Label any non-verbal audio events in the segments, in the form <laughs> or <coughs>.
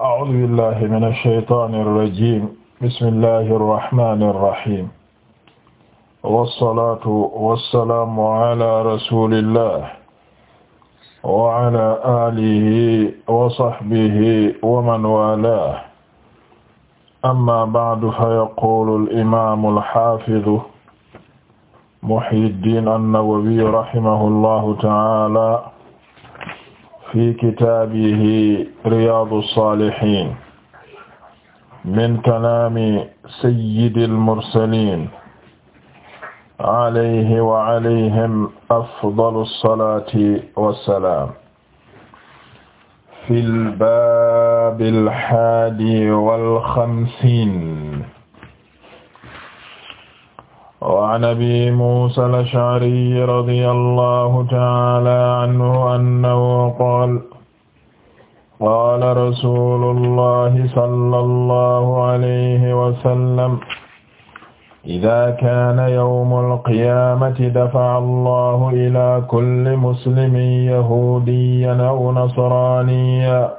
أعوذ بالله من الشيطان الرجيم بسم الله الرحمن الرحيم والصلاة والسلام على رسول الله وعلى آله وصحبه ومن والاه أما بعد فيقول الإمام الحافظ محي الدين النووي رحمه الله تعالى fi kitaabihi riyaadu saalihiin min kalaami sayyidil mursaliin alayhi wa alayhim afdalu salaati wa salaam. fil baabil haadi wal xamsiin. وعن أبي موسى الأشعري رضي الله تعالى عنه أنه قال قال رسول الله صلى الله عليه وسلم إذا كان يوم القيامة دفع الله إلى كل مسلم يهوديا أو نصرانيا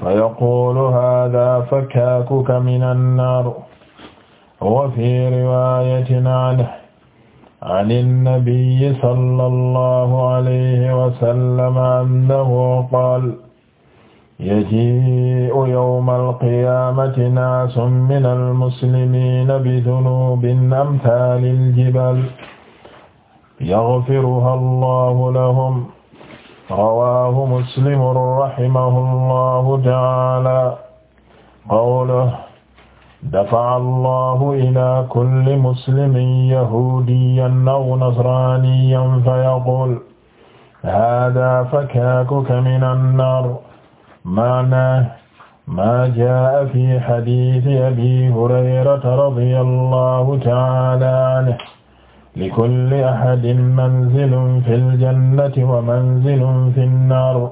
فيقول هذا فكاكك من النار wa fi riwayatin anhu an annabiyi sala allahu alayhi wasallam annahu qaal yaji'u yawma alqiyamati naasun min almuslimina bidunubin amthali aljibal yaghfiruha allahu lahum rawahu muslimun rahimahu allahu ta'ala qawluhu dafa'a Allahu ilaa kulli muslimin yahudiyyan aw nasraniyyan fayaquulu haadaa fakaakuka mina nnaar ma'naahu maa jaa'a fii hadiisi abii hurayrata radiyallaahu ta'aalaa anhu likulli ahadin manzilun fil jannati wa manzilun fin naar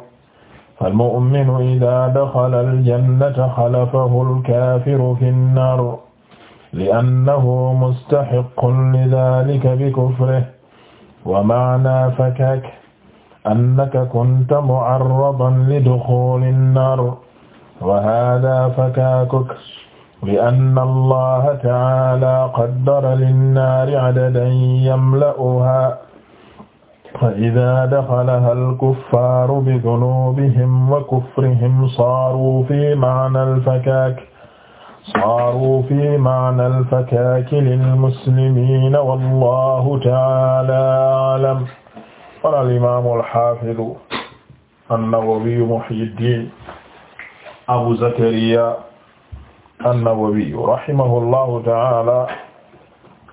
falmuminu ida daxala aljannata xalafahu alkaafiru fi nnar liannahu mustaxiqun lidalika bikufrihi wa maana fakaak annaka kunta mucarradan liduxuli nnar wa haada fakaakuk lianna allaha tacaala qaddara linnaari cadadan yamla'uhaa fa idaa daxalaha alkuffaaru bi dunuubihim wa kufrihim saaru fi maana alfakaak saaru fi maana alfakaaki lilmuslimiina wallaahu ta'aalaa a'lam. qaala al-imaamu al-haafidu an-nawawiyyu muhyiddiin abu zakariyaa an-nawawiyyu rahimahullaahu ta'aalaa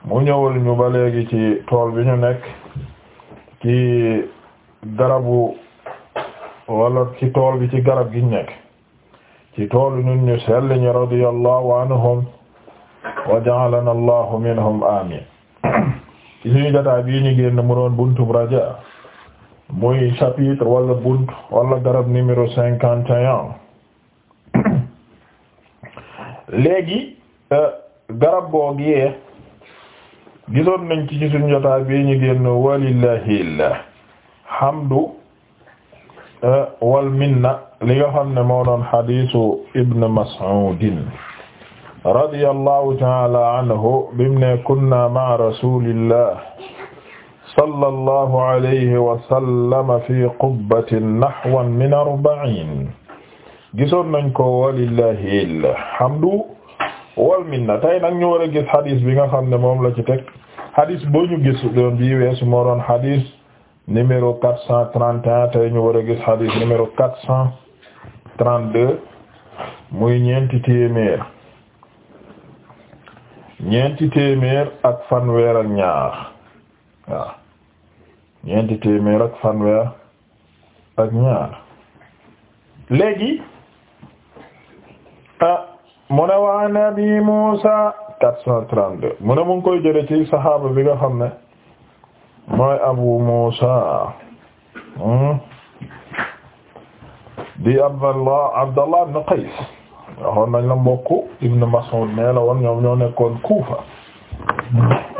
mu ñëwal ñu ba léegi ci tool bi ñu nekk. ci garabu wala ci tool bi ci garab gi nekk ci toolu ñun ñu sell ñi radiyallahu anhum wa allahu minhum amin ci suñu jotaay bii ñu génn mu doon buntu raja muy chapitre wala bunt wala garab numéro cinquante et un euh, garab googee gisoon nañ ci ci suñu jotaay bi ñu génn walillahil hamdu eh, wal minna li nga xam ne moo doon hadiisu Ibn Mas'uudin radiyallahu ta'ala anhu bim ne kunna ma'a rasulillah sallallahu alayhi wa sallam fi qubbatin nahwan min arba'in gisoon nañ ko walillahil hamdu wal minna te nag ñu war a gis bi nga xam ne moom la ci teg gis doon bii weesu moo doon hadis numéro quatre cent trente un tey ñu war a gis hadis numéro quatre cent trente deux muy ñeenti téeméer ñeenti téeméer ak fanweer ak ñaar waaw ñeenti téeméer ak fanweer ak ñaar léegi ah mu ne waa nabi Muusa 432 mu ne mu ngi koy jële ci saxaaba bi nga xam ne mooy Abu Muusa hmm? di Abdallah Abdallah ibn Qays waxoon nañ la mbokk Ibn Mas'ud nee la woon ñoom ñoo nekkoon Kuufa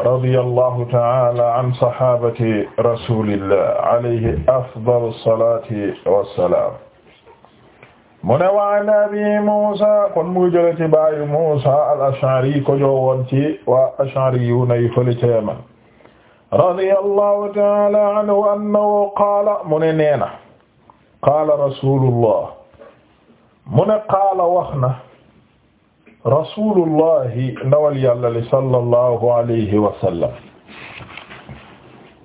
radiyallahu ta'ala an sahabati rasulillah alayhi afdalu salati wassalam mu ne waa nabi Muusa kon mu jële ci baayu Muusa al-Ash'ari ko joowoon ci waa Ash'ari yu nay fële ca Yaman radiyallahu ta'ala anhu annahu qaala mu ne neena qaala rasulullah mu ne qaala wax na rasulullahi ndawal yàlla li sallallahu alayhi wa sallam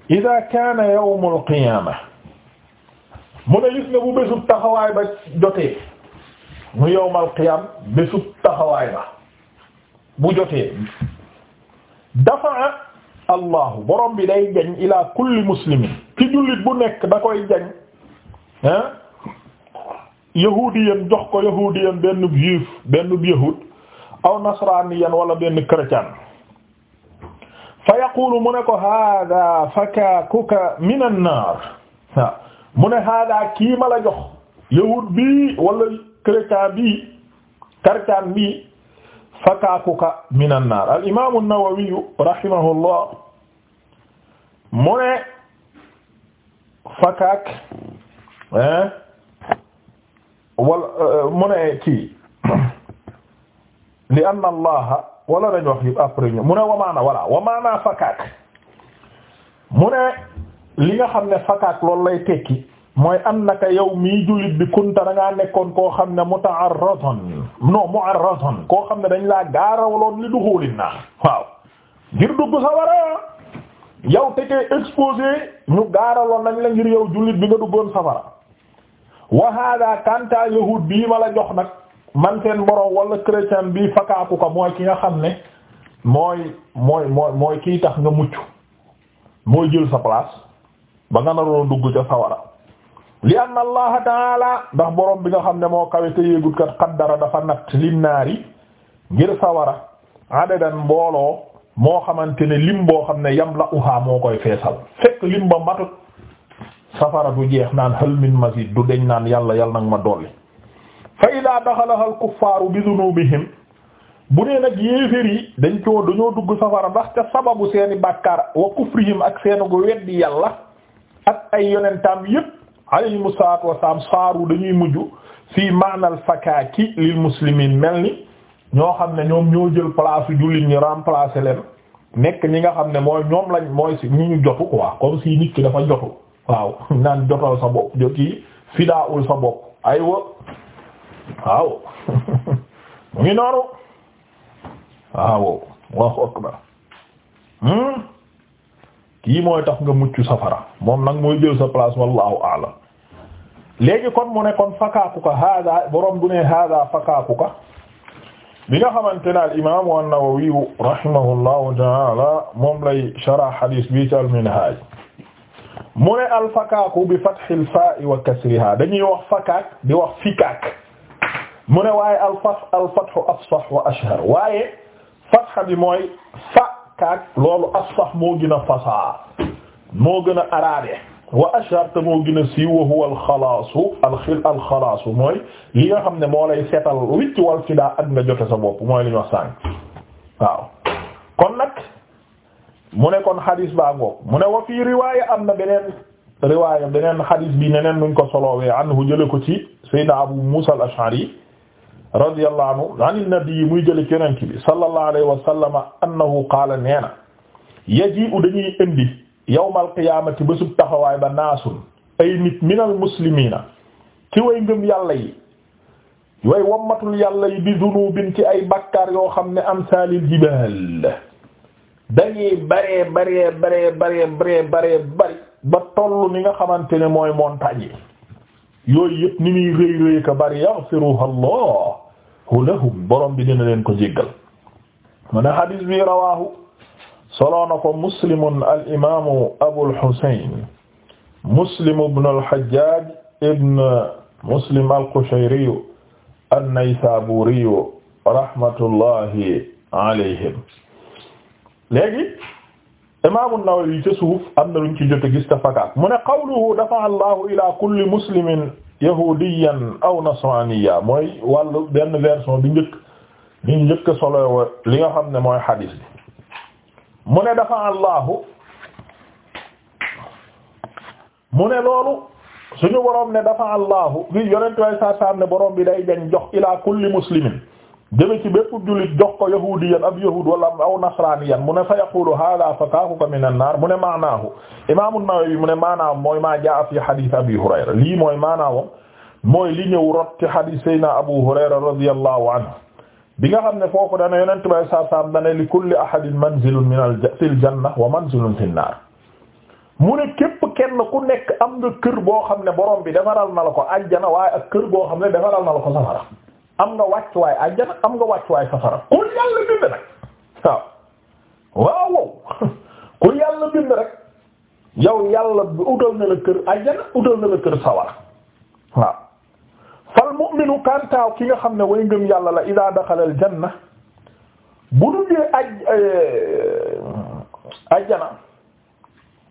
ida kaana yawmul qiyaama mu ne gis nga bu bésub taxawaay ba jotee mu yowmal qiyam bésub taxawaay ba bu jotee dafa allahu borom bi day jañ ila kulli muslimin ci jullit bu nekk da koy jañ ah yahudiyan jox ko yahudiyan benn juif benn yahud aw nasraniyan wala benn chrétien fa yaqulu mu ne ko hada fakakuka min an naar waaw mu ne hada kii ma la jox yahud bi wala kërëkaan bii karkaan bii fakaakuka minan naar al imaamu an-Nawawi rahimahullah mu ne fakaak hein wala euh, mu ne kii <clears throat> li anna allaha wala dañ wax yëpp mu ne wamaana wala wamaana fakaak mu ne li nga xam ne fakaak loolu lay tekki mooy annaka yow mii jullit bi kunta da nekkoon koo xam ne muta'arradan non mu'arradan koo xam ne dañ laa gaarawloon li duxulin naa waaw ngir dugg sawara yow te kay exposé ñu gaaraloon nañ la ngir yow jullit bi nga duggoon safara wa hada kanta yahud bii ma la jox nag man seen borom wala chrétien bi fakaaku ko mooy ki nga xam ne mooy mooy mooy kii tax nga mucc mooy jël sa place ba nga naroon dugg ca sawara li anna allaha taala ndax borom bi nga xam ne moo kawe te yéegut kat qaddara dafa natt yi ngir sawara adadan mbooloo moo xamante ne lim boo xam ne yam la uhaa moo koy feesal fekk lim ba matut safara du jeex naan hal min mazid du deñ naan yàlla yàlla nag ma dolli fa idaa daxalaha al kuffaaru bi dunubihim bu nee nag yéefér yi dañ coo dañoo dugg safara ndax ca sababu seeni bàkkaar wa kufrihim ak seeni gu weddi yàlla ak ay yonentam yépp alayhimu salaatu wasalaam saaru dañuy mujj fii maanal fakaaki lil muslimiin mel ni ñoo xam ne ñoom ñoo jël place su jullit ñi remplacer leen nekk ñi nga xam ne mooy ñoom lañ mooy si ñu ñu jotu quoi comme si nit ki dafa jotu waaw <laughs> naan jotal sa bopp joti fidaawul sa bopp aywa waaw <laughs> mu ngi noonu waaw waaw akbar hmm? kii mooy tax nga mucc safara moom nag mooy jël sa place wallahu a'lam léegi kon mu ne kon fakaakuka hada borom bu ne hada fakaakuka bi nga xamante ne al imaamu an-Nawawi rahimahullahu taala moom lay shara hadis bi ci al-Minhaj mu ne al fakaaku bi fathil faa'i wa kasriha dañuy wax fakaak di wax fikaak mu ne waaye al fath al fathu afsah wa ashhar waaye fatha bi mooy fakaak loolu afsah moo gën a fasaa moo gën a arabe wa ashar te moo gën a siiw wa a alxalaasu alxil alxalaasu mooy yi nga xam ne moo lay seetal wicc wal fidaa ak nga jote sa bopp mooy li ñu wax sànq waaw kon mu ne kon xadis baa ngoog mu ne wa fii riwaaya am na beneen riwaaya beneen xadis bi neneen nuñ ko solowee anhu jële ko ci sayyidina abu muusa al ashari radiyallahu anhu an nabi muy jële ci yonent bi sallallahu alayhi wa sallam annahu qaala nee na yawmal qiyaamati bésub taxawaay ba naasun ay nit minal muslimiina ci way ngëm yàlla yi way wammatul yàlla yi bi dunubin ci ay bakkaar yoo xam ne amsaalil jibaal dañuy baree baree baree baree baree baree bari ba toll ni nga xamante ne mooy montagne yi yooyu yëpp ni muy rëy rëy ka bari yaghfiruha Allahu lahum borom bi dina leen ko jéggal man a hadis bi rawaahu solo na ko muslimun al imaamu abul husayn muslim ibn al hajjaj ibn muslim al qushayri an naysaburi rahmatullahi alayhim léegi imaamu nawawi ca suuf am na luñ ci jot a gis tafakaat mu ne qawluhu dafa allahu ila kulli muslimin yahudiyan aw nasraniya mooy wàllu benn version bi njëkk bi njëkk solo li nga xam ne mooy hadith bi mune ne dafa allahu mu ne loolu suñu boroom ne dafa allahu li yonentu way saa saam jox ila kulli muslimin jëme ci bépp jullit jox ko yahudiyan ab yahud wala aw nasraniyan mu fa yaqulu hada fakaakuka min an naar maanaahu imaamu Nawawi mu maanaahu mooy maa jaa fi hadith abi hurayra lii mooy maanaawam mooy li ñëw rot ci hadith sayna abu hurayra radiyallahu anhu bi nga xam ne foofu dana yonent bay saa saam dana li kulli ahadin manzilun min al fil janna wa manzilun fin naar mu ne képp kenn ku nekk am nga kër boo xam ne borom bi defaral al la ko jana waaye ak kër boo xam ne defaral na la ko safara am nga wàcc waay ajjana am nga wàcc waay safara ku yàlla bind rek waaw waaw wow <laughs> ku yàlla bind rek yow yàlla utal na la kër ajjana utal na la kër sawara waaw mu'minu kantaaw ki nga xam ne way ngëm yàlla la idaa daxala al janna bu duggee aj eh, ajjana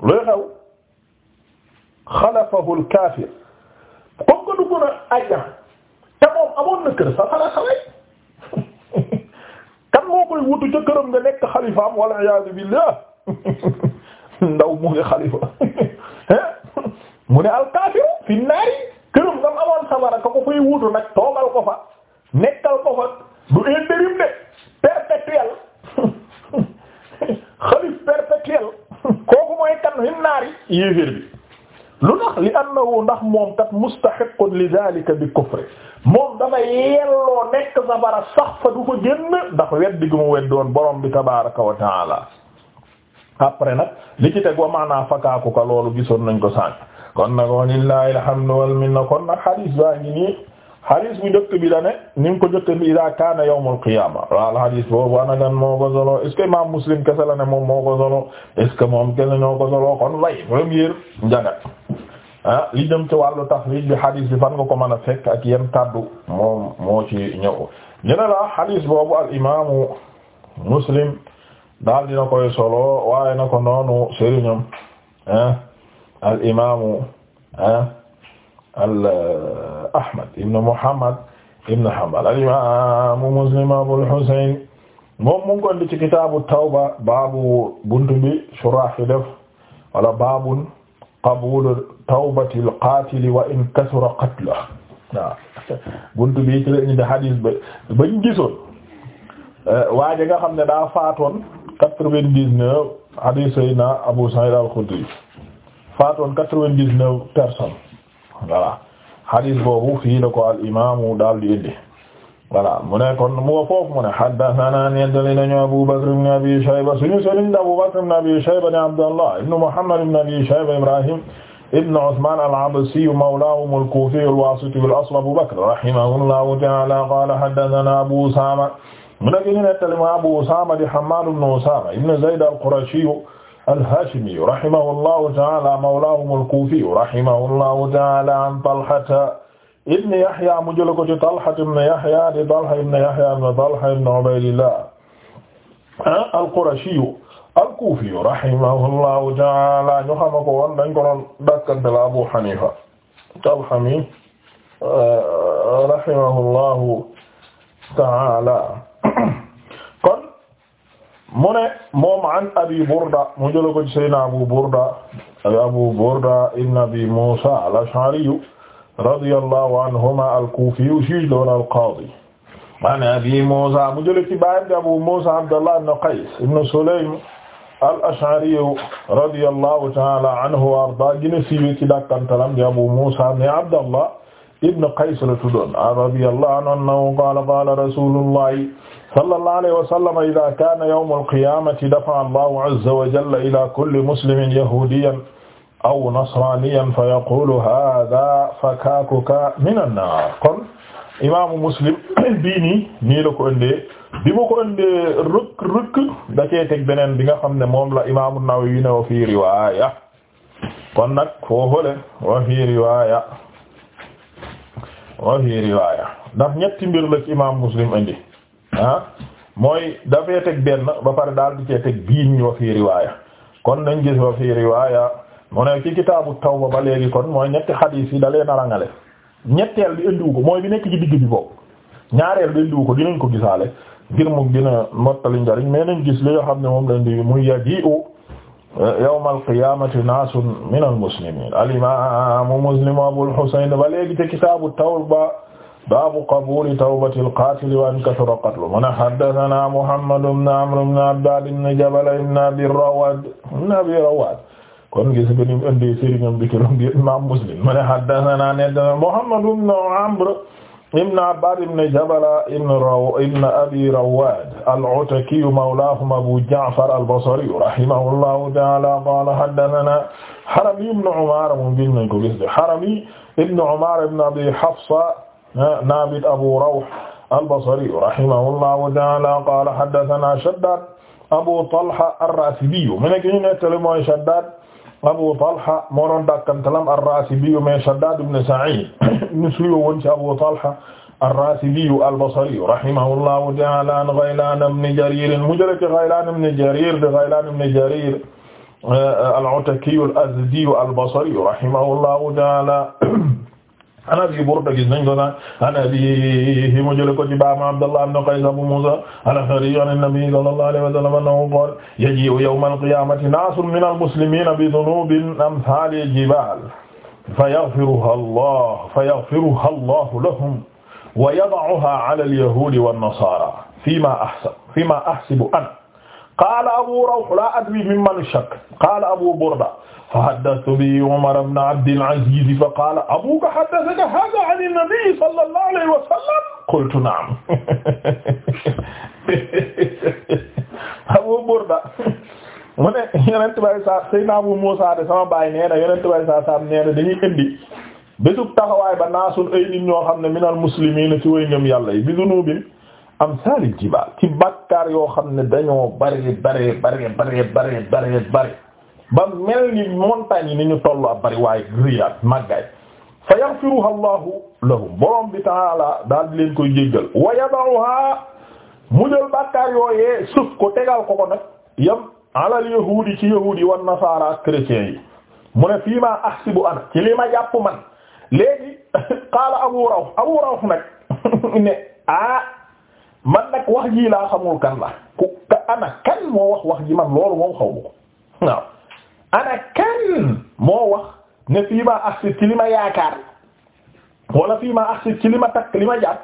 looy xew xalafahu al kaafir comme que dugg na ajjana te moom amoon na kër sax xanaa xale kan koy wutu ca këram nga nekk xalifaam walla iyaazu billaah <laughs> ndaw mu ngi xalifa <laughs> <laughs> mu ne al fi naari këram nga amoon sawara ka ko fay wutu nag toogal ko fa nekkal ko fa du intérim de perpétuel <laughs> xalif perpétuel kooku mooy kan hin naari yéeféer bi lu tax li annahu ndax moom kat mustahiqun li dhalika bi kufri moom dafa yelloo nekk sawara sax fa du fa génn ndax weddi gu mu weddoon borom bi tabaraka wa taala après nag li ci teg wa maanaa fakaaku ka loolu gisoon nañ ko sànq kon nag walillahi alhamdu wal minna kon nag hadis baa ngi nii bu njëkk bi la ni ko jotee bi idaa kaan yawmul qiyaama wal hadis boobu ana gan moo solo est imaam muslim kese la moom moo ko solo est ce que moom kese ñoo ko solo kon way premier njagat ah li jëm ci wàllu taxriij bi hadis bi fan nga ko mën a fekk ak yem kaddu moom moo ci ñëw ñu ne la hadis boobu al imaamu muslim daal dina koy solo waaye na ko noonu sëriñam ah. al imaamu ah al uh, Ahmad ibn Muhammad ibn Hanbal al imaamu Muslim Abul Husayn moom mu ngi ko indi ci kitaabu tawba baabu buntu bi surah fi def wala baabun qabulu tawbatil qaatili wa in kasura qatluhu waaw buntu bi ci la indi hadis ba bañ gisoon uh, waaye nga xam ne daa faatoon quatre-vingt-dix-neuf hadis Sayyidina Abu Sa'id al-Khudri faatoon quatre-vingt-dix-neuf personnes voilà hadith boobu fii la ko al imaamu daal di indi voilà mu ne kon mu nga foofu mu ne haddathana nettali nañu Abu Bakr ibn Abi Shayba suñu sëriñ Abu Bakr ibn Abi Shayba ne Abdallah ibn Muhammad ibn Abi Shayba Ibrahim ibn Usman al-Absi mawlahum al-Kufi al-Wasiti al-asl Abu Bakr rahimahullahu ta'ala qala haddathana Abu Usama mu ne nettali ma Abu Usama di Hammad ibn Usama ibn Zayd al-Qurashi al-Haashimiyu rahimahullahu ta'aala mawlaahum al-Kuufiyu rahimahullahu ta'aala an Talhata ibn Yahya mu jël ko ci Talha ibn Yahya di Talha ibn Yahya ibn Talha ibn Ubaydillah ah, al-Qurashiyu al-Kuufiyu rahimahullahu ta'aala ñu xam ko woon dañ ko doon dàkkante la Abu Hanifa Talha mi ah, rahimahullahu ta'aala mu ne moom an abi Burda mu jëla ko ci Seydina Abu Burda Abu Burda ibn Abi Musa al-Ash'ari radiyallahu anhuma al-Kufi juge doon al-qadi an Abi Musa mu jëla ci baayam di Abu Musa Abdullah ibn Qays ibn Sulaym al-Ash'ari radiyallahu ta'ala anhu wa arda gëna siiwe ci dakkantalam di Abu Musa ne Abdullah ibn Qays la tuddoon radiyallahu anhu qala qala Rasulullah sallallahu alayhi wa sallama idaa kaana yawmul qiyaamati dafa'a Allahu azza wa jalla ilaa kulli muslimin yahuudiyyan aw nasraaniyyan fa yaquulu haadaa fakaakuka minan naar kon imaamu Muslim <coughs> bii nii nii la ko indee bi mu ko indee rëkk rëkk da cee teg beneen bi nga xam ne moom la imaamu Nawawi ne wa fii riwaaya kon nag foofule wa fii riwaaya wa fii riwaaya ndax ñetti mbir la ci imaamu Muslim indi. ah mooy dafee teg benn ba pare daal di cee teg biiñ wa fii riwaaya kon nañ gis wa fii riwaaya mu ne ci kitaabu tawba ba léegi kon mooy ñetti xadiis yi dalee narangale ñetteel bi indiwu ko mooy bi nekk ci digg bi boobu ñaareel bi indiwu ko dinañ ko gisaale ngir mu gën a mottali njariñ mais nañ gis li xam ne moom lañ di muy yaji'u eh, yawmal qiyaamati naasun minal muslimiin al imaamu muslim abul husayn ba léegi ci kitaabu tawba baabu qabuuli tawbatil qaatili wa in kasura qatluhu mu ne haddasanaa Muhammad ibn Amr ibn Abbaad ibn Jabal ibn Abi Rawaad ibn Abi Rawaad kon gis nga ni mu indi sëriñam bi keroog di Imaam Muslim mu ne haddasanaa ne Muhammad ibn Amr ibn Abbaad ibn Jabal ibn Rawaad ibn Abi Rawaad al-Ataki mawlaahum Abu Ja'far al-Basri rahimahullahu ta'aala qaala haddasanaa Harami ibn Umaara moom gis nañ ko gis nga Harami ibn Umaara ibn Abi Hafsa Naabit Abu Rawh al-Basri rahimahullahu ta'ala qala haddathana Shaddad Abu Talha ar-Rasibi mu nekk ñu nettali mooy Shaddad Abu Talha moo doon dakkantalam ar-Rasibi mais Shaddad ibn Sa'id ñu suyo woon ci Abu Talha ar-Rasibi al-Basri rahimahullahu ta'ala an Ghaylan ibn Jarir mu jële ci Ghaylan ibn Jarir de Ghaylan ibn Jarir al-Ataki al-Azdi al-Basri rahimahullahu ta'ala an abi burda gis nañ ko san an abihi mu jële ko ci baama abdallah ibn qays abu musa al-ash'ari an an-nabi sallallahu alayhi wa sallam annahu qaala yaji'u yawma al-qiyamati naasun min al-muslimina bi dhunubin amthali al-jibal fayaghfiruha allah fayaghfiruha allah lahum wa yada'uha ala al-yahudi wan-nasara fima ahsab fima ahsibu ana qala abu rawh la adri mimman shakka qala abu burda fa haddathtu bihi Umar ibn Abdil Aziz fa qaala abuka haddathaka haadha an an-nabi sallallahu alayhi wa sallam qultu na'am <laughs> Abu Burda mu ne Yonent bi saa Seydina Abu Muusaa de sama baay nee na Yonent bi saa saa nee na dañuy indi bésub taxawaay ba naasul ay nit ñoo xam ne minal muslimiina ci way ngëm yàlla yi bi dunuubin amsaalil jibaal ci bàkkaar yoo xam ne dañoo bari bari bari bari bari bari ba mel ni montagne yi ni ñu tollu ab bari waaye riyaat màggaay fa allahu lahum borom bi taala daal leen koy jéggal wa yada'uha mu jël bàkkaar yooyee suuf ko tegal ko ko nag yam alal yahuudi ci yahuudi wan nasaara ak yi mu ne fii maa ahsibu ana ci li ma jàpp man léegi <laughs> qaala abu rawf abu rawf nag <laughs> ne ah man nag wax ji laa xamul kan la ku ana kan moo wax wax ji man loolu moom xaw ma ko waaw ana kenn moo wax ne fii ma agsi ci li ma yaakaar wala fii ma agsi ci li ma takk li ma jàpp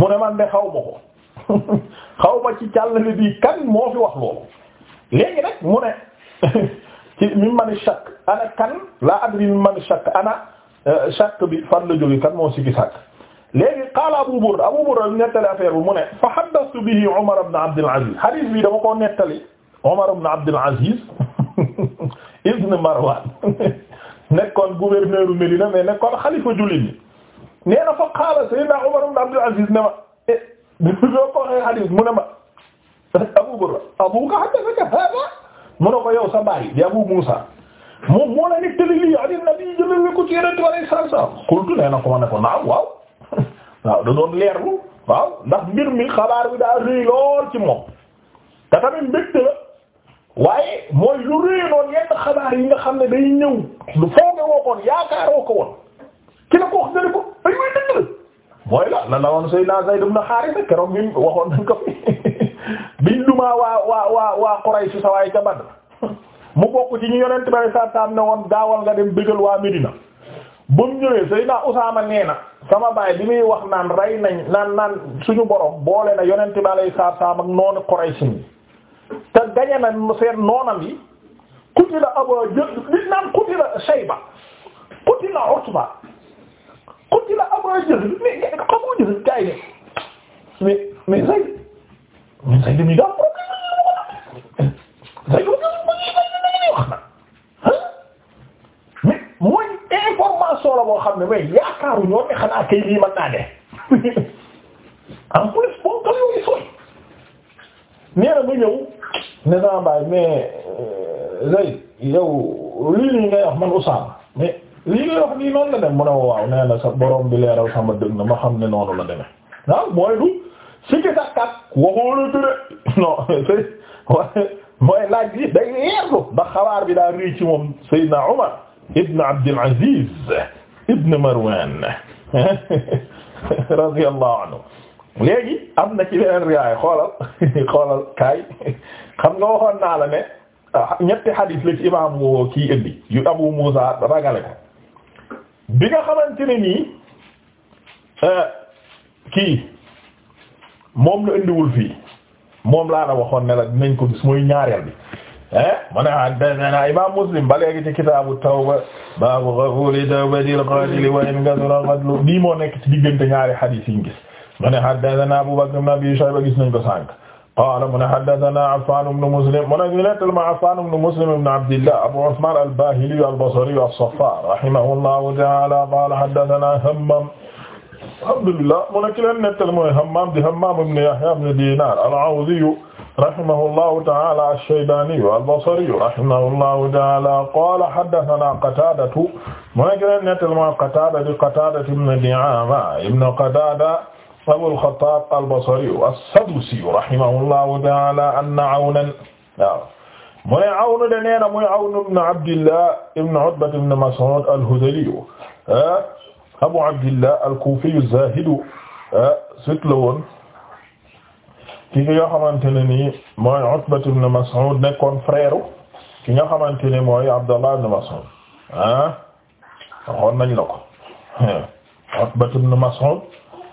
mu ne man de xaw ma ko <laughs> xaw ma ci càllale bii kan moo fi wax loolu léegi nag mu ne <laughs> ci mi man shakk ana kan la adri mi man shakk ana euh, shakk bi fan la jóge kan moo si gi sàkk léegi qaala Abu Burda Abu Burda nettali affaire bi mu ne fa haddastu bihi Umar ibn Abd al-Aziz hadith bi dama koo nettali Umar ibn Abd al-Aziz <laughs> ibn Marwan <laughs> nekkoon gouverneur u Médina mais nekkoon xalifa jullit ñi nee na fa xaala Seydina Umar ibn Abdul Aziz ne ma eh doo <laughs> ko waxee xadiis mu ne ma <laughs> Abu Burda abuka haddathaka hada mu ne ko yow sa baay di Abu Musa moom moo la nettali lii ani nabi jëlale ko ci yeneen tubaab yi saa saa xultu nee na ko ma ne ko naaw waaw waaw da doon leerlu waaw ndax mbir mi xabaar bi daa rëy lool ci moom te la. waaye mooy lu rëy noonu yenn xabaar yi nga xam ne day ñëw lu fooge woo koon yaakaaroo ko woon ki la ko wax dëgg ko ay muy dëgg la mooy la la la woon Seydina Zayd ibn Haarisa keroog ñun waxoon nañ ko fi <laughs> biñ dumaa waa waa waa waa Quraysh sa waaye ca Badr <laughs> mu bokk ci ñu yonent bare sa tam ne woon daawal nga dem bëggal waa Medina ba mu ñëwee Seydina Usaama nee na sama baay di muy wax naan rey nañ naan naan suñu borom boole na yonent bi alay sa saam ak noonu Quraysh ni te gañe na seen noonam yi qutila Abu Jahl li naan qutila Shayba qutila Utba qutila Abu Jahl mais Abu Jahl gars yi ne mais mais Zayd mais Zayd mi daal Zayd mu wax na mais mooy information la boo xam ne mais yaakaaru ñoom xanaa kay lii mën naa ne en plus bon nee na ba ñëw ne naa bàyyi mais euh, Zayd yow lii nii ngay wax man Usaama mais lii ngay wax nii noonu la dem mu ne waaw nee na sa borom bi leeral sama dëgg na ma xam ne noonu la demee waaw mooy du sikki sàkkat waxoo la ture <laughs> non mooy laaj bi day yeerlu ndax xabaar bi daa rii ci moom Seydina Umar ibn Abdul Aziz ibn Marwan <laughs> radiyallahu anhu léegi am na ci beneen riwaay xoolal <laughs> xoolal kaay xam nga waxoon naa la ne ah, ñetti xadiis la ci imaam woo kii indi yu Abu Muusa ragale ko bi nga xamante ne nii eh, kii moom la indiwul fii moom laa la waxoon ne la dinañ ko gis mooy ñaareel bi eh, ma ne haddathana imaam Muslim ba léegi ci kitaabu tawba baabu ghufuuli tawbatil qaatili wa in kasura qatluhu nii moo nekk ci diggante ñaari xadiis yi ñu gis mu ne haddathana Abu Bakr ibn Abi Shayba gis nañ ko sànq qaala mu ne haddathana Affan ibn Muslim mu ne ñu nettal ma Affan ibn Muslim ibn Abdillah Abu Uthman al-Bahili al-Basri as-Saffar rahimahullahu ta'ala qaala haddathana Hammam alhamdulillah mu ne ki leen nettal mooy Hammam di Hammam ibn Yahya ibn Dinar al-Awdi rahimahullahu ta'ala ash-Shaybani al-Basri rahimahullahu ta'ala qaala haddathana Qatada mu ne ki leen nettal mooy Qatada di Qatada ibn Di'ama ibn Qatada Abul Xattaab al-Basri as-Sadusi rahimahullahu ta'aala anna Awnan waaw mu ne Awn de nee na muy Awn ibn Abdillah ibn Utba ibn Mas'ud al-Hudhali ah, Abu Abdillah al-Kufi az-Zahid ah, sit la woon ki nga xamante ne nii mooy Utba ibn Mas'ud nekkoon frère ki nga xamante ne mooy Abdallah ibn Mas'ud ah waxoon nañ la ko <laughs> Utba ibn Mas'ud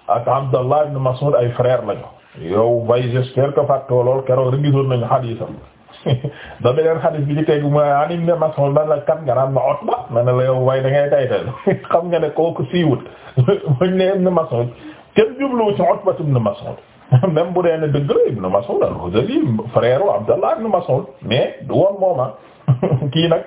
ak Abdallah ibn Mas'ud ay frère lañu yow bay j'espère que fàttoo lool keroog rek gisoon nañu xadiisam <laughs> da beneen xadiis bi ci tegu mu an ibn Mas'ud dan la kan nga naan ma Utba ma ne la yow way da ngay taytal <laughs> xam nga ne kooku siiwut muñ <laughs> ne ibn Mas'ud kenn jubluwu ci Utba ibn Mas'ud même bu dee ne dëgg la ibn Mas'ud al-Hudhali frère Abdallah ibn Mas'ud mais du woon mooma kii nag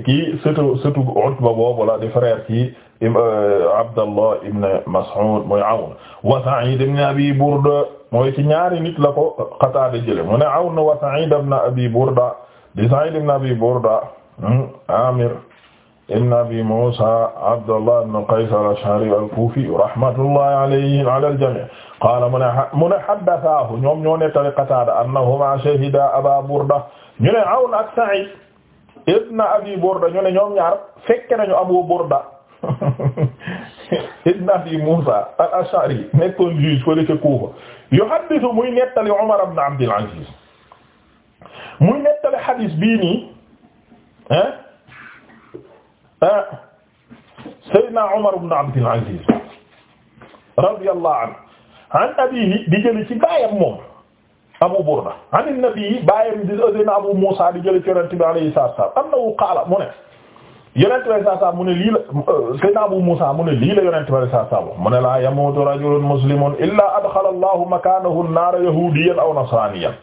kii sëtu sëtu Utba boobu la di frère ci euh, Abdallah ibn Mas'ud mooy Awn wa Sa'id ibn Abi Burda mooy ci ñaari nit la ko Qataada jële mu ne Awn wa Sa'id ibn Abi Burda di Sa'id ibn Abi Burda hmm, Amir ibn Abi Musa Abdallah ibn Qays al-Ash'ari al-Kufi rahmatullahi alayhi ala al-jami' qaala mu ne haddathaahu ñoom ñoo nettali Qataada annahuma shahida Aba Burda ñu ne Awn ak Sa'id ibn abi burda ñu ne ñoom abu burda <laughs> ibn abi musa al-ash'ari nekkoon juge fële ca Kufa yuhaddithu muy nettali umar ibn abd al-aziz muy nettali hadis bii nii hein ah ibn abd al-aziz radiyallahu anhu an abihi di jëli ci baayam moom Abu Burda an nabi bàyyam di Seydina Abu Muusa di jële ci yonent bi alayhi salaatu wa salaam annahu qaala mu ne yonent bi alayhi salaatu wa salaam mu ne lii la Seydina Abu Muusa mu ne lii la yonent bi alayhi salaatu wa salaam mu ne laa yamuutu rajulun muslimun illaa adxala Allahu makaanahu an-naara yahuudiyyan aw nasraaniyyan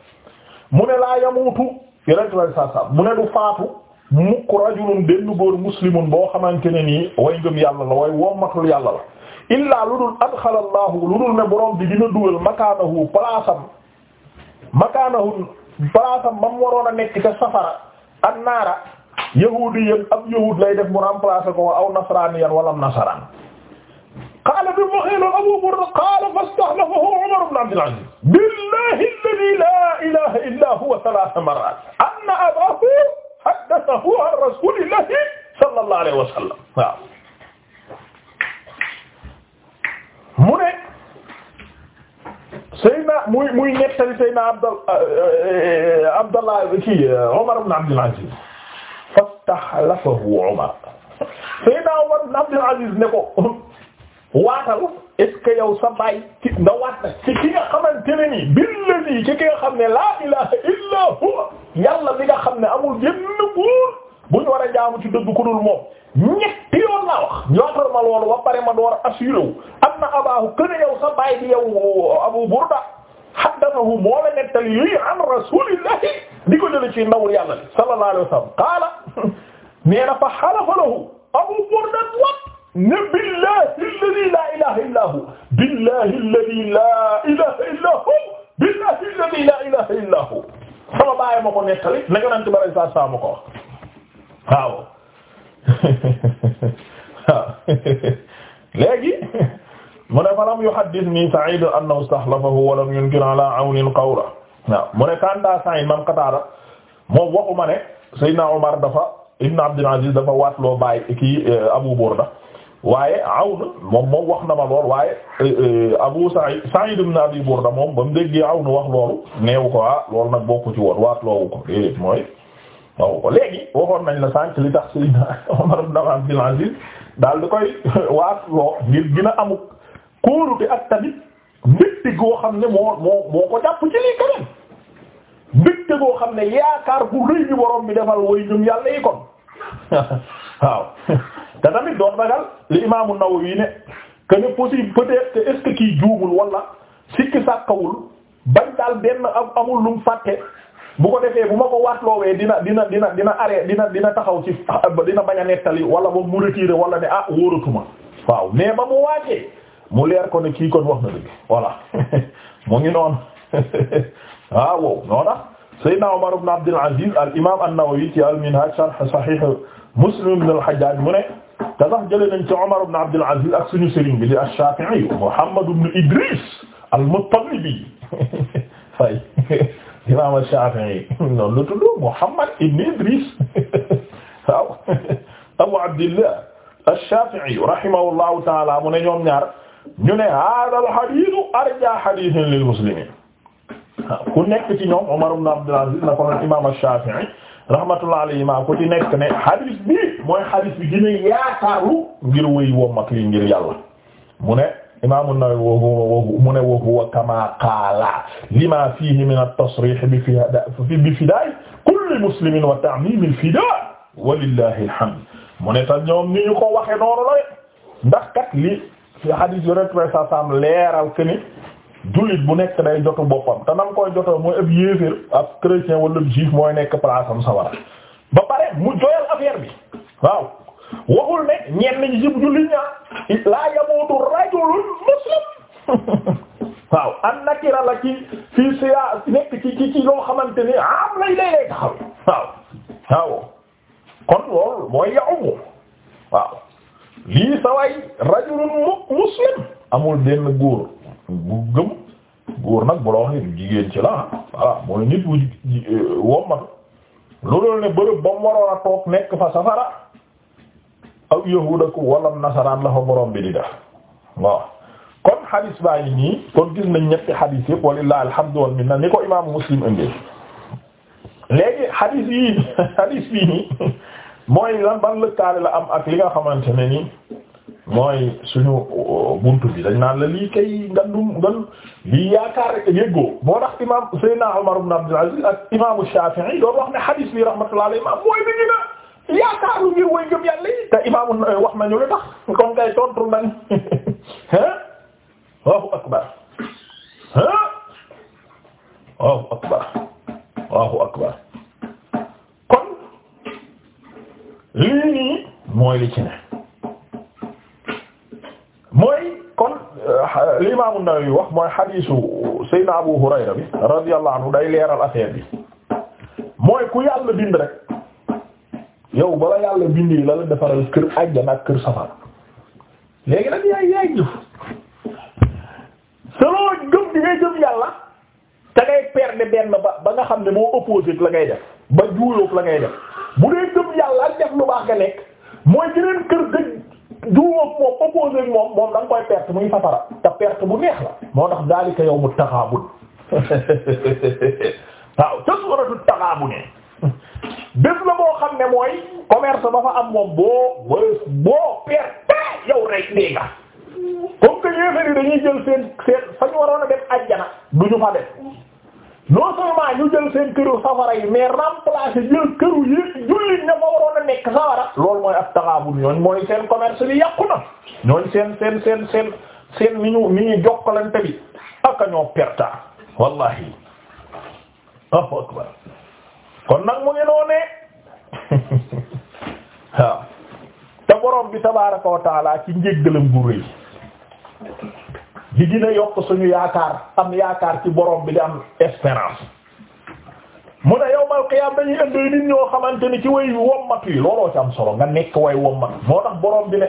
mu ne laa yamuutu yonent bi alayhi salaatu wa salaam mu ne du faatu mukk rajulun benn góor muslimun boo xamante ne nii way ngëm yàlla la way wommatul yàlla la illaa lu dul adxala Allahu lu dul ne borom bi dina dugal makaanahu palaasam makaanahu palaasam ba mu waroon a nekk ca safara an naara yahuudiyan ab yahuud lay def mu remplacer ko aw nasraaniyan wala nasaraan qaala bi Mughira Abu Burda qaala fastaxlafahu Umar ibn Abdul Aziz billahi alladhi laa ilaaha illaa huwa thalaatha marraat anna abaahu haddathahu an rasuulillahi sallallahu alayhi wa sallam waaw Seyna muy muy nettali Seyna Abdal euh, euh, Abdallah kii Omar ibn Abdul Aziz fastahlafahu Omar Seyna Omar ibn Abdul Aziz ne ko <laughs> waatal est-ce que yow sa baay ci nga waat ci ki nga xamante ne nii billahi ci ki nga xam ne laa ilaaha illaa huwa yàlla mi nga xam ne amul benn buur bu ñu war a jaamu ci dëgg ku dul moom ñetti yoon laa wax ñootal pare ma door a assuré wu abaahu kër yow sa baay bi Abu Burda haddanahu moo la nettali yi an rasuulillahi di ko jëlee ci ndawul yàlla li sallallahu alayhi wa nee na fa halafa Abu Burda wat ne billahi alladhi la hu billahi alladhi la hu billahi alladhi la ilaha illa hu sama baay ko nettali na yonent bi ko waaw waaw <laughs> léegi mu ne falam yuhaddithni Sa'id annahu istahlafahu wa lam yunkir ala awnin qawla waaw mu ne kanda Sa'id mam Qatada moom waxuma ne Seydina Omar dafa Ibn Abdul Aziz dafa waatloo baay kii eh, Abu Burda waaye Awn moom moom wax na ma lool waaye eh, eh, Abu Sa'id Sa'id ibn Abi Burda moom ba mu déggee Awn wax loolu neewu ko ah loolu nag bokku ci woon waatloowu ko mooy waaw ko léegi waxoon nañ la sànq li tax Seydina <laughs> Omar ibn Abdul Aziz daal di koy <laughs> waasloo ngir gën a amuk kóolute ak tamit mbégte goo xam ne moo moo moo ko jàpp ci lii keneen mbégte goo xam ne yaakaar bu rëy bi borom bi defal way ñun yàlla yi kon <laughs> waaw te tamit doon ragal li imaamu Nawawi ne que ne possible peut-être que kii juumul wala sikki sàkkawul bañ daal benn amul lum fàtte bu ko defee bu ma ko waatloowee dina dina dina dina arrêt dina dina taxaw ci dina bañ a nettali wala boog mu retiré wala ne ah wóoratuma waaw mais ba mu waajee mu leer ko ne kii kon wax na dëgg voilà <laughs> mu ngi noonu waaw <laughs> ah, wow noo tax Seydina Umar ibn Abdul Aziz al imam an-Nawawi ci al-Minhaj sharh Sahih Muslim ibn al-Hajjaj mu ne te sax jëlee nañ ci Umar ibn Abdul Aziz ak suñu sëriñ bi di ash-Shafi'i Muhammad ibn Idris al-Muttalibi <laughs> fay imaam Shaafi'i noonu la tudd Muhammad ibn Idris waaw Abu Abdillah Shaafi'i rahimahullahu ta'ala mu ne ñoom ñaar ñu ne haadal hadiisu arjaa hadiisin lil muslimiin ku nekk ci ñoom Umar ibn Abdul Aziz na ko imaam Shaafi'i rahmatullahi alayhi ma ku ci nekk ne hadiis bi mooy hadiis bi gën a yaakaaru ngir wéy wom ak li ngir yàlla mu ne imaamu Nawawi woowu mu ne woowu wa qaala lima fiihi min at-tasriih bi fidaa'i kulli muslimin wa ta'miim al-fidaa' walillahi alhamd mu ne ta ñoom ni ñu ko waxe noonu ndax kat li fi hadiis yo retve sa sam leeral ke ni jullit bu nekk day jotu boppam te koy jotoo mooy ab yéeféer ab chrétien wala juif mooy nekk place sawara ba mu joyal affaire bi waaw waxul ne ñenn ñi ci ñaa laa yamutu rajulun muslim <laughs> waaw an nakira la ci fii siya nekk ci ci ci loo xamante ni am lay lay taxaw waaw waaw kon loolu mooy yaumu waaw lii saway rajulun muslim amul benn góor bu nag bu la wax ni jigéen ci la voilà mooy nit bu wommat loolu ne bërëb ba mu waroon a toog nekk fa safara aw yahuudakum wala nasaraan la fa borom bi di def waaw kon xadis baa ngi nii kon gis nañ ñetti xadis yëpp walillahi alhamdu wal minna ni ko imaamu muslim indee léegi xadis yi <laughs> xadis bii nii <laughs> mooy lan ban lëkkaale la am ak li nga xamante ne ni mooy suñu uh, buntu bi dañ naan la lii kay ngandum ngan lii yaakaar yëggoo moo tax imam Seydina Umar ibn Abdul Aziz ak imaamu Shafi'i doon wax ne xadis bi rahmatullahi alayhi mooy bi ñu yaakaaru ngir way gëm yàlla yi te imaamu euh, wax nañu lu tax kon kay tontu nañ <laughs> hein Allahu akbar hein Allahu akbar Allahu kon lii mooy li ci ne mooy kon euh, li imaamu Nawawi wax mooy xadiisu Seydina Abu Hurayra bi radiyallahu anhu day leeral affaire bi mooy ku yàlla bind yow bala yàlla bindee la la defaral kër àjjana ak kër safara léegi nag yaay yaay jëf gëm di ngay jëm yàlla te ngay perdre benn ba ba nga xam ne moo opposé la ngay def ba juuyóof la ngay def bu dee jëm yàlla ak def lu baax nga nekk mooy geneen kër gëj juuyóof moom opposé moom moom da koy perte muy safara te perte bu neex la moo tax daalika yawmu taxaabun <laughs> waaw ca suuratu taxaabun bés la boo xam ne mooy commerce ba fa am moom boo boo boo perte yow rek dee nga comme que yéefari dañuy jël seen seen fa ñu waroon a def ajjana du ñu fa def non seulement ñu jël seen këru safara yi mais remplacer jël këru yi jullit ne fa waroon a nekk safara lool mooy ab taxaabul ñooñ mooy seen commerce bi yàqu na ñooñ seen seen seen seen seen ni ñu ni ñu jokkalante bi ak ñoo perte wallahi kon nag mu ngi noonee <laughs> waaw te borom bi tabaaraka wa taala ci njéggalam gu rëy di dina yokk suñu yaakaar am yaakaar ci boroom bi di am espérance mu ne yawmal qiyaam dañuy indi nit ñoo xamante ni ci way wommatu yi looloo ci am solo nga nekk way wommat moo tax borom bi ne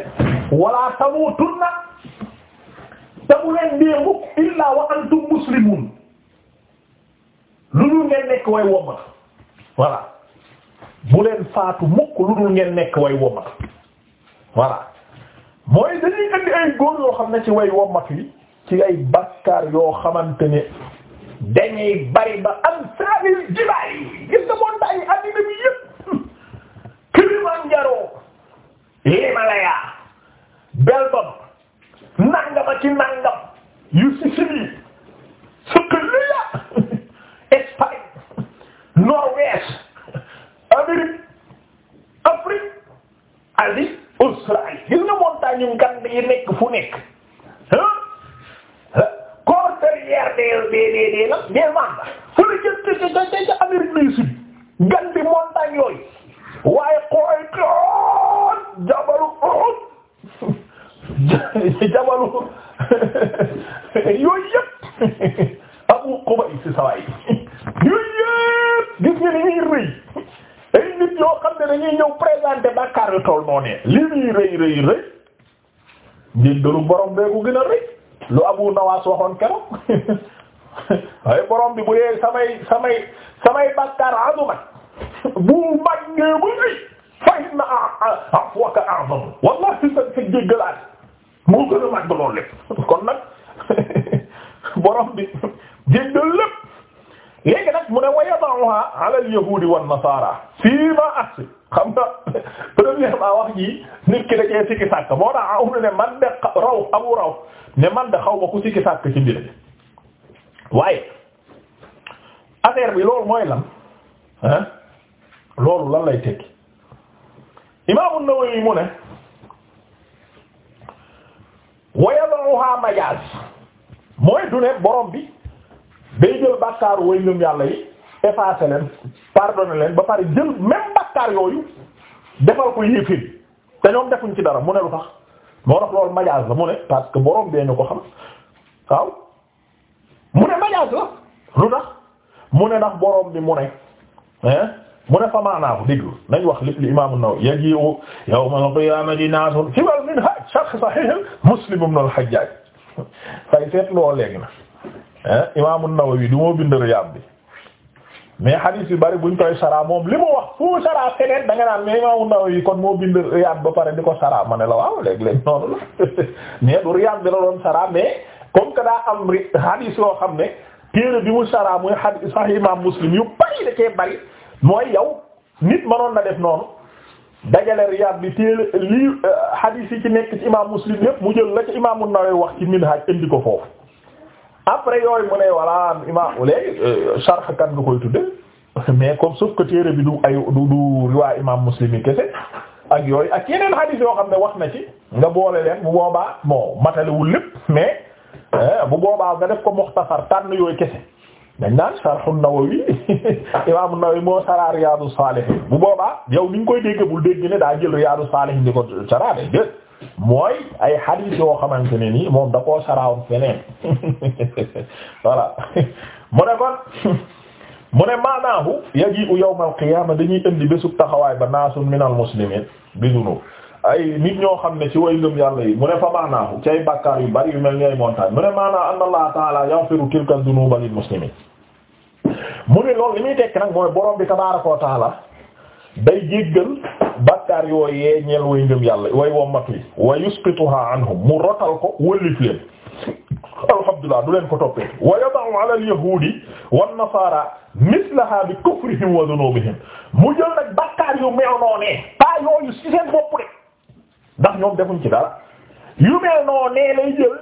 wala tamuutunna te bu leen dee illaa wa antum lu ñu ngeen nekk way wommatu voilà bu leen faatu mukk lu dul ngeen nekk way womat voilà mooy dañuy ay góor yoo xam ne ci way womat yi ci ay bakkaar yoo xamante ne dañuy bari ba am sabil jibaay yi gis nga montagne addina bi yëpp Kilimanjaro Himalaya Belbom nangama ci nangam yu si si Norvège Amérique Afrique Asie Australie gis nga montagne yu ngand yi nekk fu nekk ah cordillère des des des la des membres fu la jënd ca ca ca Amérique du Sud ngandi montagne yooyu waaye xooy toon jabalu <laughs> jabalu <laughs> yooyu yëpp <laughs> abu Qubays si sawaay gis nga ni ñuy rëy ay nit yoo xam ne dañuy ñëw présenter bàkkaar yu toll noonu li ñuy rëy rëy rëy njéggalu borom bee ku gën a rëy lu Abu Nawaas waxoon keroog <laughs> ay borom bi bu dee samay samay samay bàkkaar azumat bu màggee ba rëy fa inna afwaka a'zam wallahi sa sa jéggalaat moo gën a màgg loolu lépp kon nag <laughs> borom bi jéggal lépp. léegi nag mu ne wa yada'uha ala al-yahudi nasara fii ma ahsi xam nga premièrement wax ji nit ki da cee sikki moo tax am ne man raw abu raw ne man de xaw ma ku sikki sàkk ci mbir bi lool mooy lan ah loolu lan lay tekki Imam An-Nawawi mu ne wa yada'uha majaz mooy du ne borom bi. day jël bàkkaaru way ngëm yàlla yi effacer leen pardonner leen ba pare jël même bàkkaar yooyu defal ko yéeféer te ñoom defuñ ci dara mu ne lu tax moo tax loolu majaas la mu ne parce que borom bee ñu ko xam waaw mu ne majaas la lu tax mu ne ndax borom bi mu ne mu ne fa maanaahu déglu nañ wax lépp li imaamu Nawawi yaji'u yawmal qiyaamati naasun hibal minhaaj sharh sahih Muslim ibn al-Hajjaj fay seet loolu léegi na Eh, imaamu Nawawi du moo bind Riyaad bi mais hadith bi bari buñ koy saraa moom li mu wax fu saraa feneen da nga naan mais imaamu Nawawi kon moo bind Riyaad ba pare di ko saraa ma ne la waaw léeg-léeg noonu la <laughs> mais du Riyaad bi la doon saraa mais comme que daa am hadith yoo xam ne téere bi mu saraa muy hadith Sahih Imaam Muslim yu bari da cee bari mooy yow nit mënoon na def noonu dajale Riyaad bi téere lii hadith euh, yi ci nekk ci Imaam Muslim yëpp mu jël la ci wax ci indi ko foofu. après yooyu mu ne voilà imam léegi sarx euh, kan nga koy tudde mais comme sauf que téere bi du ay du du riwaa imam muslim yi kese ak yooyu ak yeneen hadith yoo xam ne wax na ci nga boole leen bu boobaa moo matalewul lépp mais euh, bu boobaa nga def ko muxtasar tànn yooyu kese dañ naan sarxu Nawawi <laughs> imam Nawawi moo saraa Riyadus Salihin bu boobaa yow ni nga koy dégg bul dégg ne daa jël Riyadus Salihin di ko saraade mooy ay hadith yoo xamante ne nii moom da koo saraawoon feneen <laughs> voilà <laughs> mu ne kon <laughs> mu ne maanaahu yaji'u yawmal qiyaama dañuy indi bésub taxawaay ba naasun minal muslimiin bizunub ay nit ñoo xam ne ci way ngëm yàlla yi mu ne fa maanaahu ci ay yu bari yu mel ni ay mu ne maanaahu anna allah ta'ala yaghfiru tilka dunuba lil muslimiin mu ne loolu li muy tekk nag mooy borom bi tabaaraka wa day jéggal bàkkaar yooyu yee ñeel way ngëm yàlla way wommatu yi wa yusqituha anhum mu rotal ko wëllif leen alhamdulillah du leen ko toppee wa yada'u ala al-yahudi wan-nasara mislaha bi kufrihim wa dhunubihim mu jël nag bàkkaar yu mel noonee pas yooyu ci seen bopp rek ndax ñoom defuñ ci dara yu mel noonee lay jël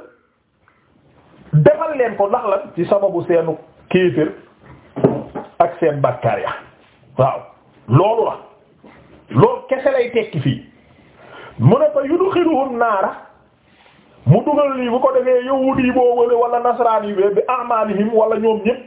defal leen ko ndax lan ci sababu seenu kéefër ak seen bàkkaar ya waaw loolu la loolu kese lay tekki fii mu ne fa yudxiluhum naara mu dugal lii bu ko defee yawut yi boo wële wala nasaraan yu bee bi a'malihim wala ñoom ñëpp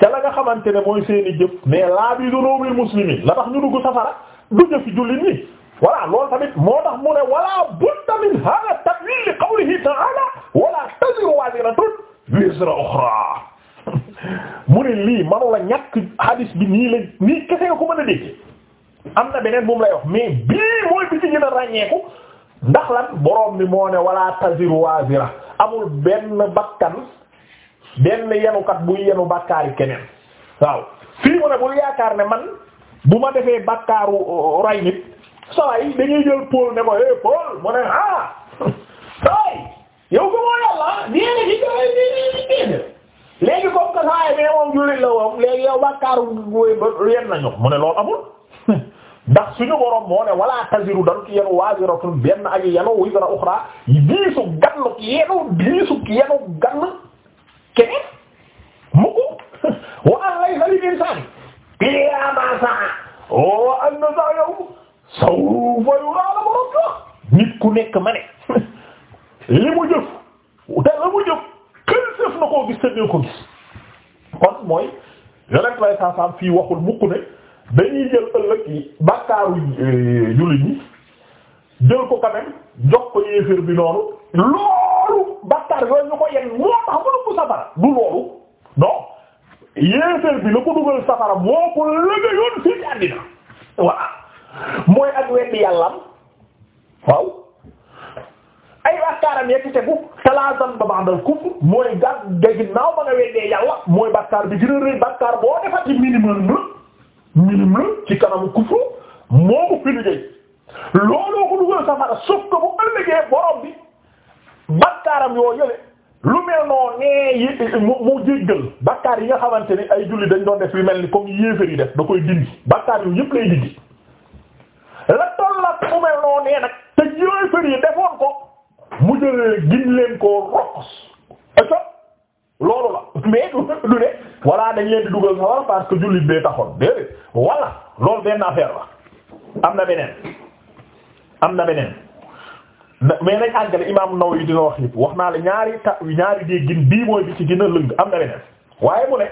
ca la nga xamante ne mooy seeni jëf mais laa bi dunoobil muslimiin la tax ñu dugg safara du jëfi jullit ñi voilà loolu tamit moo tax mu ne wala budda min hada ta'wil li qawlihi ta'ala wala taziru waziratun wizra ukhra <laughs> mu ne lii manu ñàkk hadis bi nii la nii kese nga ko mën a dégg am na beneen bu mu lay wax mais bii mooy bi gën a ràññeeku ndax lan borom bi moo ne wala taziru wazira amul benn bakkan benn yenukat buy yenu bàkkaari keneen waaw fii mu ne bul yaakaar ne man bu ma defee bàkkaaru uh, ray nit saway dañuy jël Paul ne ko é Paul mu ne ah saway yow ko moo yàlla diine ci dén léegi comme que moom jullit la woom léegi yow bàkkaaru yenn nañu mu ne loolu amul ndax suñu borom moo ne wala taziru dalut yenu waaziratun benn ak yenu wizra uxra diisu gannu yenu diisu yenu gann keneen mu <laughs> waa lay sali insani piamasa o an na sa yow sawfa yurala borom ko nit ku nekk ma ne <laughs> li mu jëf te la mu jëf kër sëf na koo gis te ko gis kon mooy yonent lay sa fii waxul mukk ne dañuy jël ëllëg yi bàkkaaru euh, jullit ñi jël ko quand jox ko yéeféer bi noonu loolu bàkkaar yooyu ñu ko yen moo tax mënu ko safara du loolu non yéeféer bi la ko dugal safara moo ko lëgëyoon fii ci àddina voilà mooy ak weddi yàllam waaw ay bàkkaaram yekk tegu talaatan ba ba'dal kufr mooy gàtt ginnaaw ba nga weddee yàlla mooy bàkkaar bi gën a rëy boo defati minimum na milim la ci kanamu kufru moo ko fi liggéey looloo ko dugal safara sauf que bu ëllëgee borom bi bakkaaram yoo yële lu mel noo nee yi mu mu jéggal bakkaar yi nga xamante ni ay julli dañ doon def yu mel ni comme yéeféer yi def da koy dindi bakkaar yu yëpp lay dindi la tollaat mu mel noo nee nag te yéeféer yi defoon ko mu jëlee gin leen koo roxos loolu la <laughs> mais du ne walla dañ leen di dugal sawar parce que jullit bee taxoon déedéet walla loolu benn affaire la am na beneen am na beneen mais nañ àggale imaam Nawawi dina wax yëpp wax naa la ñaari ta ñaari gin bii mooy bi ci gën a lëng am na beneen waaye mu ne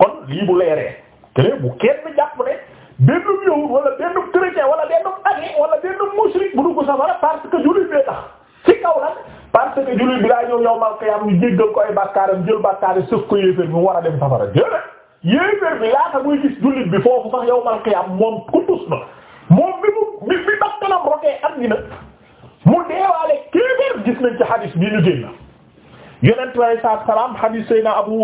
kon lii bu leeree keneen bu kenn jàpp ne benn yahud wala benn chrétien wala benn athée wala benn mushrik bu dugg safara parce que jullit bee tax ci kaw que jullit bi daa ñëw yow mal xiyaam ñu jéggal ko ay bàkkaaram jël bàkkaaram sëf ko yéeféer bi mu war a dem safara jële yéeféer bi laata muy gis jullit bi foofu sax yow mal xiyaam moom kutus na moom bi mu bi bi bakkanam rotee am ni na mu deewaale kéeféer gis nañ ci hadis bi ñu génn yonent bi alayhi salaatu wa salaam hadis sayna abu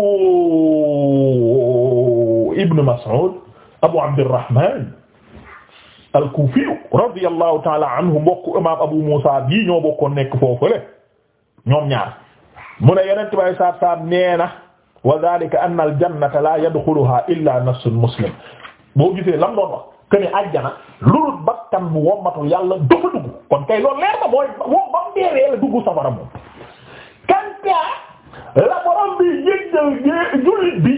ibn Mas'ud abu Abdurrahman al-Kufi radiyallahu ta'ala anhu mbokk imam abu Musa bi ñoo bokkoon nekk foofule ñoom ñaar mu ne yonent bay saab saab nee na wa zalika anna al jannata la yadxuluha illa nafsun muslim boo gisee lam doon wax këni ajjana lu bakkan bu wommatul yàlla dafa dugg kon kay loolu leer na mooy moom ba mu deewee la dugg safara moom kantaa bi yëngal jullit bi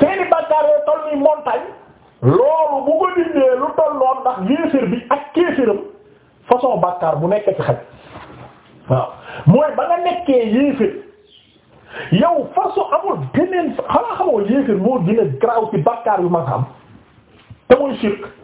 seeni bàkkaar yooyu toll nii montagne loolu bu ko dindee lu tolloon ndax yéeféer bi ak kéeféeram façon bàkkaar bu nekk ci xaj waaw mooy ba nga nekkee yéeféer yow façon amul beneen xanaa xamoo yéeféer moo gën a graw ci bàkkaar yu mag am te mooy shirk